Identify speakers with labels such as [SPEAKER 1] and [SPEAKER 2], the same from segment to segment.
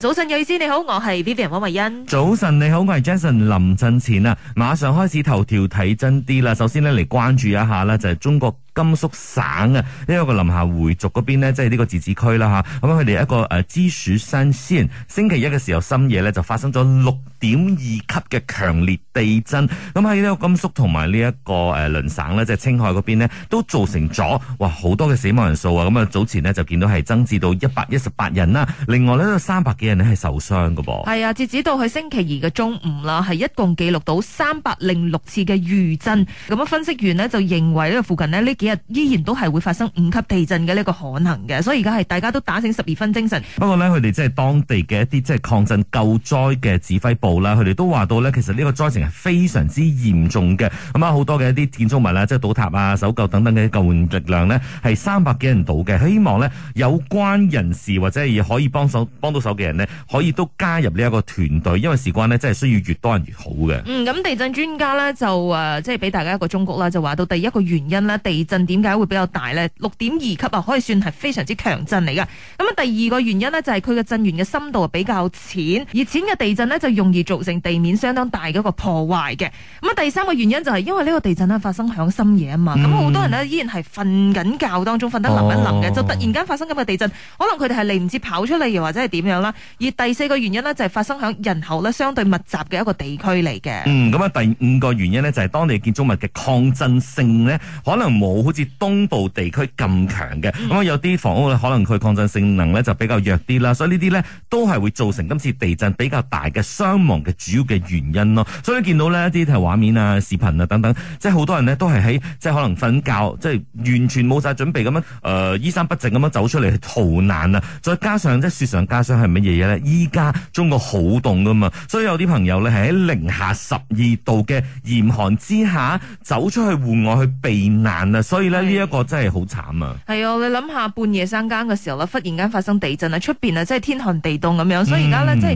[SPEAKER 1] 早晨，有意思你好，我係 Vivian 汪慧欣。早晨你好，我係 Jason 林振前啊！馬上開始頭條睇真啲啦。首先呢，嚟關注一下啦，就係中國甘肅省啊，呢、這個個臨夏回族嗰邊呢，即係呢個自治區啦吓。咁佢哋一個誒，積、啊、石山先，星期一嘅時候深夜咧就發生咗六點二級嘅強烈。地震。咁喺呢個甘肅同埋呢一個誒鄰省呢，即係青海嗰邊呢，都造成咗哇好多嘅死亡人數啊！咁啊早前呢就見到係增至到一百一十八人啦。另外咧，三百幾人咧係受傷噶噃。
[SPEAKER 2] 係啊，截止到去星期二嘅中午啦，係一共記錄到三百零六次嘅餘震。咁、嗯、啊，分析員呢，就認為咧，附近呢，呢幾日依然都係會發生五級地震嘅呢個可能嘅。所以而家係大家都打醒十二分精神。
[SPEAKER 1] 不過呢，佢哋即係當地嘅一啲即係抗震救災嘅指揮部啦，佢哋都話到呢，其實呢個災情。非常之嚴重嘅，咁啊好多嘅一啲建築物啊，即係倒塌啊、搜救等等嘅救援力量呢，係三百幾人度嘅。希望呢有關人士或者係可以幫手幫到手嘅人呢，可以都加入呢一個團隊，因為事關呢真係需要越多人越好嘅。
[SPEAKER 2] 咁、嗯、地震專家呢，就誒、呃、即係俾大家一個忠告啦，就話到第一個原因呢，地震點解會比較大呢？六點二級啊，可以算係非常之強震嚟㗎。咁啊，第二個原因呢，就係佢嘅震源嘅深度比較淺，而淺嘅地震呢，就容易造成地面相當大嘅一個破。破壞嘅。咁啊，第三個原因就係因為呢個地震咧發生響深夜啊嘛，咁、嗯、好多人咧依然係瞓緊覺當中，瞓得冧一冧嘅，就突然間發生咁嘅地震，可能佢哋係嚟唔切跑出嚟，又或者係點樣啦。而第四個原因呢，就係發生響人口咧相對密集嘅一個地區嚟嘅。
[SPEAKER 1] 咁、嗯、啊，第五個原因呢，就係當地建築物嘅抗震性呢，可能冇好似東部地區咁強嘅。咁、嗯、啊，有啲房屋咧可能佢抗震性能呢就比較弱啲啦，所以呢啲呢，都係會造成今次地震比較大嘅傷亡嘅主要嘅原因咯。所以見到呢啲係畫面啊、視頻啊等等，即係好多人呢都係喺即係可能瞓覺，即係完全冇晒準備咁樣誒，衣、呃、衫不整咁樣走出嚟逃難啊！再加上即係雪上加霜係乜嘢嘢呢？依家中國好凍噶嘛，所以有啲朋友咧係喺零下十二度嘅嚴寒之下走出去戶外去避難啊！所以呢，呢一個真係好慘啊！
[SPEAKER 2] 係啊，你諗下半夜三更嘅時候啦，忽然間發生地震啊，出邊啊即係天寒地凍咁樣，所以而家呢，嗯、即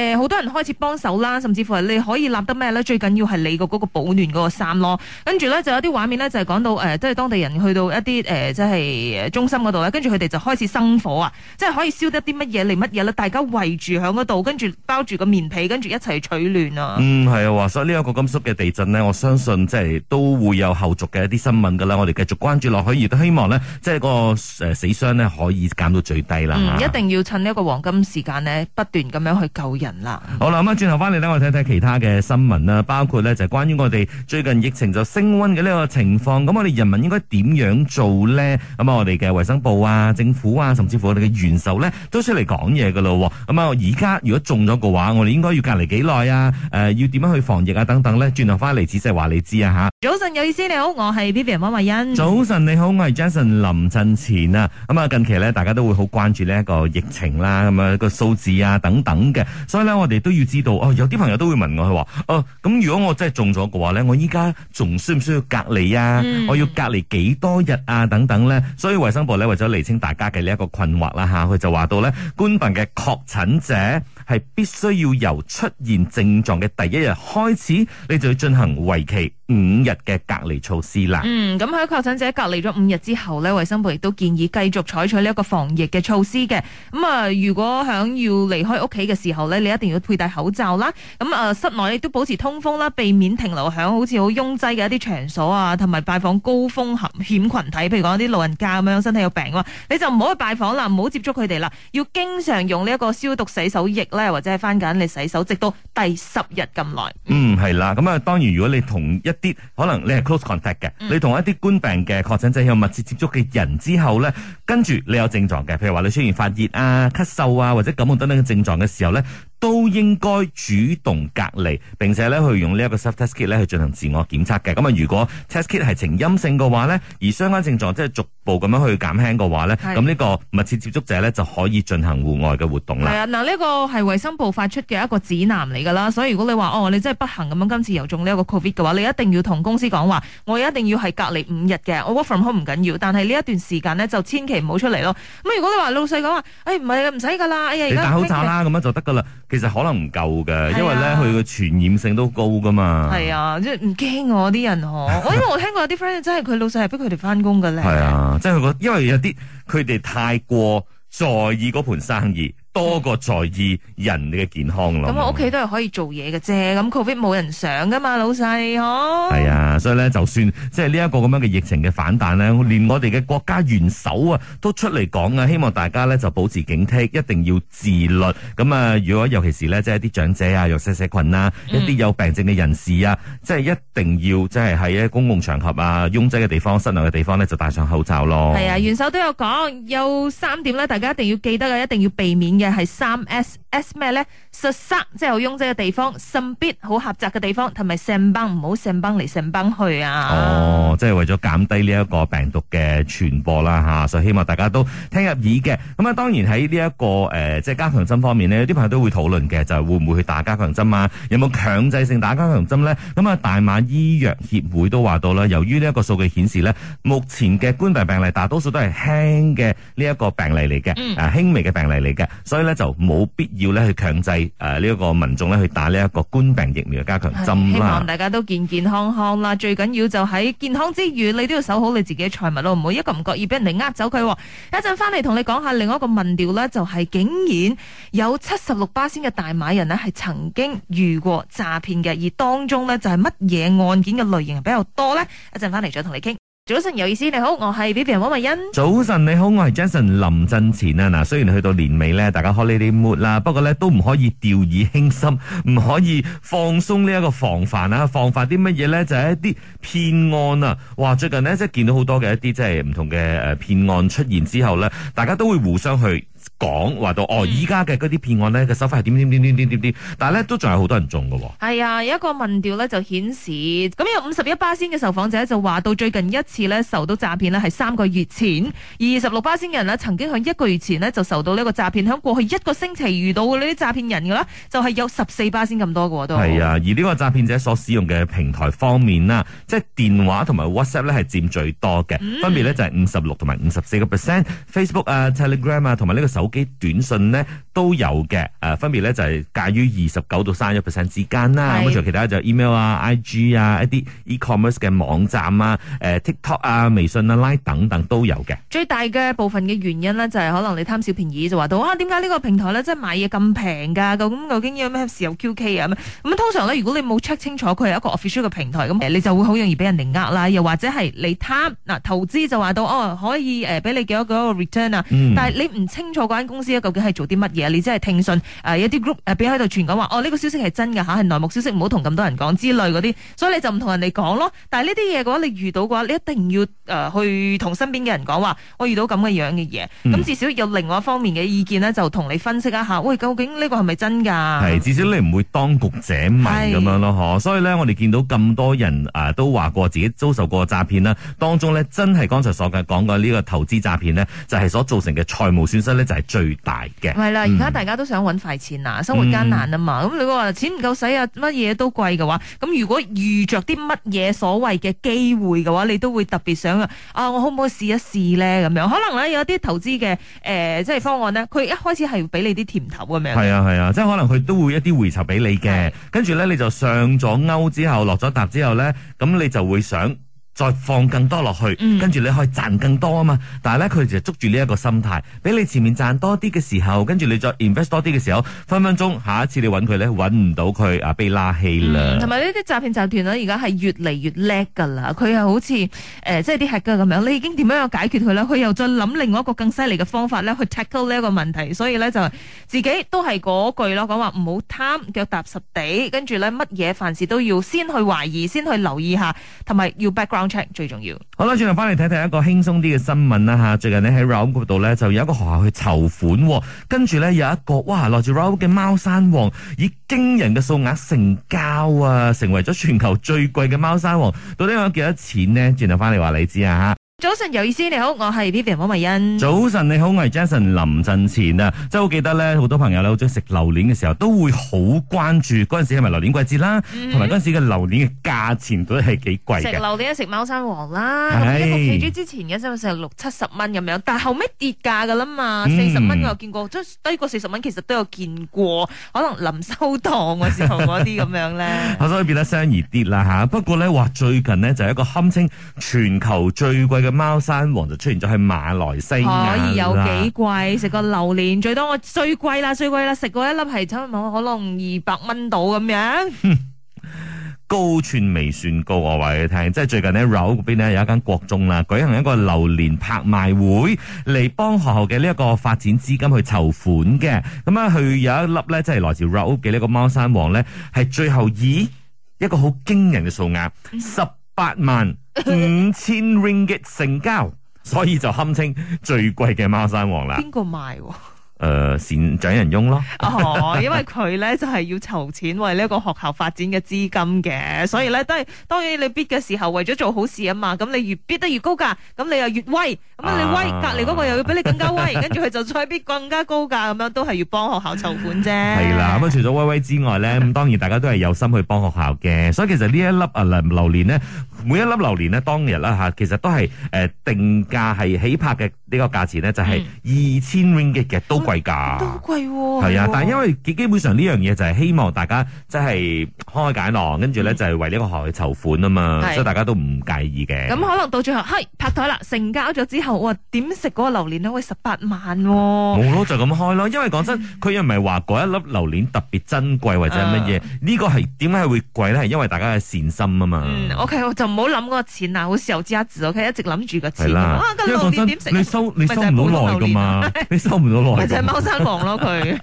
[SPEAKER 2] 係誒好多人開始幫手啦，甚至乎係你可以立得咩？最緊要係你個嗰個保暖嗰個衫咯，跟住咧就有啲畫面咧就係講到誒，即、呃、係當地人去到一啲誒、呃，即係中心嗰度咧，跟住佢哋就開始生火啊，即係可以燒得啲乜嘢嚟乜嘢啦，大家圍住喺嗰度，跟住包住個棉被，跟住一齊取暖啊。
[SPEAKER 1] 嗯，係啊，所以呢一個甘肅嘅地震呢，我相信即係都會有後續嘅一啲新聞噶啦，我哋繼續關注落去，亦都希望呢，即係個誒死傷呢，可以減到最低啦、嗯。一
[SPEAKER 2] 定要趁呢一個黃金時間呢，不斷咁樣去救人啦、嗯。
[SPEAKER 1] 好啦，咁啊轉頭翻嚟呢，我睇睇其他嘅新聞。啦，包括咧就係關於我哋最近疫情就升溫嘅呢個情況，咁我哋人民應該點樣做咧？咁啊，我哋嘅衛生部啊、政府啊，甚至乎我哋嘅元首咧，都出嚟講嘢噶咯。咁啊，而家如果中咗嘅話，我哋應該要隔離幾耐啊？誒、呃，要點樣去防疫啊？等等咧，轉頭翻嚟仔細話你知啊吓。早晨，有意思，你好，我係 Vivian 汪慧欣。早晨，你好，我係 Jason 林振前啊。咁啊，近期咧，大家都會好關注呢一個疫情啦，咁啊個數字啊等等嘅。所以咧，我哋都要知道啊。有啲朋友都會問我，佢話哦，咁如果我真係中咗嘅話咧，我依家仲需唔需要隔離啊？我要隔離幾多日啊？等等咧。所以衛生部咧為咗厘清大家嘅呢一個困惑啦吓，佢就話到咧，官方嘅確診者。係必須要由出現症狀嘅第一日開始，你就要進行為期五日嘅隔離措施啦。嗯，
[SPEAKER 2] 咁喺確診者隔離咗五日之後呢，衛生部亦都建議繼續採取呢一個防疫嘅措施嘅。咁啊，如果響要離開屋企嘅時候呢，你一定要佩戴口罩啦。咁啊，室內亦都保持通風啦，避免停留響好似好擁擠嘅一啲場所啊，同埋拜訪高風險群體，譬如講啲老人家咁樣，身體有病嘅，你就唔好去拜訪啦，唔好接觸佢哋啦。要經常用呢一個消毒洗手液。或者係翻緊你洗手，直到第十日咁耐。
[SPEAKER 1] 嗯，係、嗯、啦，咁啊，當然如果你同一啲可能你係 close contact 嘅、嗯，你同一啲冠病嘅確診者有密切接觸嘅人之後咧，跟住你有症狀嘅，譬如話你出現發熱啊、咳嗽啊或者感冒等等嘅症狀嘅時候咧。都應該主動隔離，並且咧去用呢一個 self test kit 咧去進行自我檢測嘅。咁啊，如果 test kit 係呈陰性嘅話咧，而相關症狀即係逐步咁樣去減輕嘅話咧，咁呢個密切接觸者咧就可以進行戶外嘅活動啦。係啊，
[SPEAKER 2] 嗱，呢個係衛生部發出嘅一個指南嚟噶啦。所以如果你話哦，你真係不幸咁樣今次又中呢一個 covid 嘅話，你一定要同公司講話，我一定要係隔離五日嘅。我 work from home 唔緊要，但係呢一段時間咧就千祈唔好出嚟咯。咁如果你話老細講話，誒唔係唔使噶啦，哎呀，戴口罩啦，
[SPEAKER 1] 咁樣就得噶啦。其實可能唔夠嘅，因為咧佢嘅傳染性都高噶嘛。係
[SPEAKER 2] 啊，即係唔驚我啲人嗬。我 因為我聽過有啲 friend 真係佢老細係逼佢哋翻工噶咧。係啊，即
[SPEAKER 1] 係佢覺得，因為有啲佢哋太過在意嗰盤生意多過在意人嘅健康咯。咁、嗯、我屋
[SPEAKER 2] 企都係可以做嘢嘅啫，咁 Covid 冇人上噶嘛，老細嗬。
[SPEAKER 1] 係啊，所以咧，就算即係呢一個咁樣嘅疫情嘅反彈咧，連我哋嘅國家元首啊，都出嚟講啊，希望大家咧就保持警惕，一定要自律。咁啊，如果尤其是咧，即係啲長者啊，弱勢社群啊，一啲有病症嘅人士啊，即、嗯、係、就是、一定要即係喺公共場合啊、擁擠嘅地方、室內嘅地方咧，就戴上口罩咯。係
[SPEAKER 2] 啊，元首都有講，有三點咧，大家一定要記得啊，一定要避免。嘅係三 S S 咩咧？塞塞即係好擁擠嘅地方，甚必好狹窄嘅地方，同埋成班唔好成班嚟成班去啊！
[SPEAKER 1] 哦，即係為咗減低呢一個病毒嘅傳播啦，吓、啊，所以希望大家都聽入耳嘅。咁啊，當然喺呢一個誒，即、呃、係、就是、加強針方面呢，有啲朋友都會討論嘅，就係、是、會唔會去打加強針啊？有冇強制性打加強針咧？咁啊，大馬醫藥協會都話到啦，由於呢一個數據顯示咧，目前嘅冠病病例大，大多數都係輕嘅呢一個病例嚟嘅、嗯，啊，輕微嘅病例嚟嘅。所以咧就冇必要咧去強制誒呢一個民眾咧去打呢一個冠病疫苗嘅加強針啦。希望大
[SPEAKER 2] 家都健健康康啦，最緊要就喺健康之餘，你都要守好你自己嘅財物咯，唔好一個唔覺意俾人哋呃走佢。一陣翻嚟同你講下另外一個民調咧，就係、是、竟然有七十六巴仙嘅大馬人呢，係曾經遇過詐騙嘅，而當中呢就係乜嘢案件嘅類型係比較多呢？一陣翻嚟再同你傾。早
[SPEAKER 1] 晨有意思，你好，我係 BB 黃慧欣。早晨你好，我係 Jason 林振前啊。嗱，雖然去到年尾咧，大家開年禮末啦，不過咧都唔可以掉以輕心，唔可以放鬆呢一個防範啊。防範啲乜嘢咧？就係一啲騙案啊。哇，最近呢，即係見到好多嘅一啲即係唔同嘅誒騙案出現之後咧，大家都會互相去。講話到哦，依家嘅嗰啲騙案呢，嘅手法係點點點點點點點，但係咧都仲有好多人中㗎喎。
[SPEAKER 2] 係啊，有、啊、一個民調咧就顯示，咁有五十一巴仙嘅受訪者就話到最近一次咧受到詐騙咧係三個月前，二十六巴仙嘅人呢曾經喺一個月前呢就受到呢一個詐騙，喺過去一個星期遇到呢啲詐騙人嘅啦，就係、是、有十四巴仙咁多嘅、啊、都。係啊，
[SPEAKER 1] 而呢個詐騙者所使用嘅平台方面啦、嗯，即係電話同埋 WhatsApp 咧係佔最多嘅、嗯，分別咧就係五十六同埋五十四個 percent，Facebook 啊、嗯、Telegram 啊同埋呢個手。啲短信咧都有嘅，誒、呃、分別咧就係、是、介於二十九到三一 percent 之間啦。咁除其他就 email 啊、IG 啊一啲 e-commerce 嘅網站啊、誒、呃、TikTok 啊、微信啊、Line 等等都有嘅。
[SPEAKER 2] 最大嘅部分嘅原因咧，就係、是、可能你貪小便宜就話到啊，點解呢個平台咧即係買嘢咁平㗎？咁究竟有咩時候 QK 啊？咁通常咧，如果你冇 check 清楚佢係一個 official 嘅平台咁，你就會好容易俾人哋呃啦，又或者係你貪嗱、啊、投資就話到哦，可以誒俾你幾多幾個 return 啊？嗯、但係你唔清楚嘅。間公司究竟係做啲乜嘢？你只係聽信誒一啲 group 誒，俾喺度傳講話哦，呢、這個消息係真嘅吓，係內幕消息，唔好同咁多人講之類嗰啲，所以你就唔同人哋講咯。但係呢啲嘢嘅話，你遇到嘅話，你一定要誒、呃、去同身邊嘅人講話，我遇到咁嘅樣嘅嘢，咁、嗯、至少有另外一方面嘅意見呢，就同你分析一下，喂，究竟呢個係咪真噶？係，
[SPEAKER 1] 至少你唔會當局者迷咁樣咯，所以呢，我哋見到咁多人誒都話過自己遭受過詐騙啦，當中呢，真係剛才所講嘅呢個投資詐騙呢，就係所造成嘅財務損失呢，就係、是。最大嘅，
[SPEAKER 2] 係、嗯、啦，而家大家都想揾快錢啊，生活艱難啊嘛，咁、嗯、你話錢唔夠使啊，乜嘢都貴嘅話，咁如果遇着啲乜嘢所謂嘅機會嘅話，你都會特別想啊，我可唔可以試一試咧？咁樣可能咧有啲投資嘅誒、呃，即係方案咧，佢一開始係俾你啲甜頭咁樣，係啊係
[SPEAKER 1] 啊，即係可能佢都會一啲回酬俾你嘅，跟住咧你就上咗鈎之後落咗踏之後咧，咁你就會想。再放更多落去，跟、嗯、住你可以賺更多啊嘛！但係咧，佢就捉住呢一個心態，俾你前面賺多啲嘅時候，跟住你再 invest 多啲嘅時候，分分鐘下一次你揾佢咧，揾唔到佢啊，被拉稀啦！同埋
[SPEAKER 2] 呢啲詐騙集團咧，而家係越嚟越叻噶啦，佢係好似誒、呃，即係啲黑客咁樣，你已經點樣樣解決佢啦？佢又再諗另外一個更犀利嘅方法咧，去 tackle 呢一個問題。所以咧就自己都係嗰句咯，講話唔好貪，腳踏實地，跟住咧乜嘢凡事都要先去懷疑，先去留意下，同埋要 background。最
[SPEAKER 1] 重要。好啦，轉頭翻嚟睇睇一個輕鬆啲嘅新聞啦吓。最近呢，喺 Rouge 度咧就有一個學校去籌款，跟住咧有一個哇落住 Rouge 嘅貓山王以驚人嘅數額成交啊，成為咗全球最貴嘅貓山王。到底有幾多錢呢？轉頭翻嚟話你知啊吓。
[SPEAKER 2] 早晨，有意思，你好，我係 Vivian 黃慧欣。
[SPEAKER 1] 早晨，你好，我係 Jason 林振前啊，真係好記得咧，好多朋友咧好中意食榴蓮嘅時候，都會好關注嗰陣時係咪榴蓮季節啦，同埋嗰陣時嘅榴蓮嘅價錢都係幾貴。食榴
[SPEAKER 2] 蓮啊，食貓山王啦，咁一個 KG 之前嘅時候成六七十蚊咁樣，但係後尾跌價噶啦嘛，四十蚊我見過，都低過四十蚊，其實都有見過，
[SPEAKER 1] 可能臨收檔嘅時候嗰啲咁樣咧。所以變得相宜跌啦吓，不過咧話最近呢就係一個堪稱全球最貴嘅。貓山王就出現咗喺馬來西亞，可以有幾
[SPEAKER 2] 貴？食個榴蓮最多我最貴啦，最貴啦！食過一粒係差唔多可能二百蚊到咁樣。
[SPEAKER 1] 高串未算高，我話你聽，即係最近咧，Raub 嗰邊咧有一間國中啦，舉行一個榴蓮拍賣會嚟幫學校嘅呢一個發展資金去籌款嘅。咁、嗯、啊，佢有一粒咧，即係來自 Raub 嘅呢一個貓山王咧，係最後以一個好驚人嘅數額十八萬。五 千 ringgit 嘅成交，所以就堪稱最貴嘅貓山王啦。邊個賣？誒、呃，善長人翁咯，哦、因為
[SPEAKER 2] 佢咧就係、是、要籌錢為呢一個學校發展嘅資金嘅，所以咧都係當然你 bid 嘅時候為咗做好事啊嘛，咁你越 bid 得越高價，咁你又越威，咁啊你威，隔籬嗰個又要比你更加威，跟住佢就再 bid 更加高價，咁 樣都係要幫學校籌款啫。係啦，
[SPEAKER 1] 咁啊除咗威威之外咧，咁 當然大家都係有心去幫學校嘅，所以其實一呢一粒啊榴榴蓮呢，每一粒榴蓮呢，當日啦、啊、吓，其實都係誒、呃、定價係起拍嘅呢個價錢呢，就係二千 ringgit 嘅都。
[SPEAKER 2] 貴噶、喔，係啊，哦、但係因
[SPEAKER 1] 為基本上呢樣嘢就係希望大家即係開解囊，跟住咧就係為呢個學去籌款啊嘛，所以大家都唔介意嘅。咁、
[SPEAKER 2] 嗯、可能到最後，嘿，拍台啦，成交咗之後，哇，點食嗰個榴蓮咧？喂、啊，十八萬，冇咯，就
[SPEAKER 1] 咁開咯。因為講真，佢 又唔係話嗰一粒榴蓮特別珍貴或者乜嘢，嗯，這個、是呢個係點解會貴咧？係因為大家嘅善心啊嘛。嗯、
[SPEAKER 2] o、okay, k 就唔好諗嗰個錢啦，好少知一字，OK，一直諗住個錢。係啦、啊，因為講真你收你收唔到耐噶嘛，
[SPEAKER 1] 你收唔到耐。 冇失望咯，佢。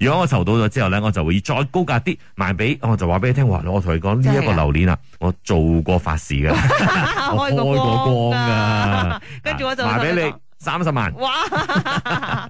[SPEAKER 1] 如果我籌到咗之後咧，我就會再高價啲賣俾，我就話俾你聽，話我同你講呢一個榴蓮啊，我做過法事噶，
[SPEAKER 2] 開過光噶、啊，
[SPEAKER 1] 跟住、啊啊、我
[SPEAKER 2] 就賣俾你三十 萬。哇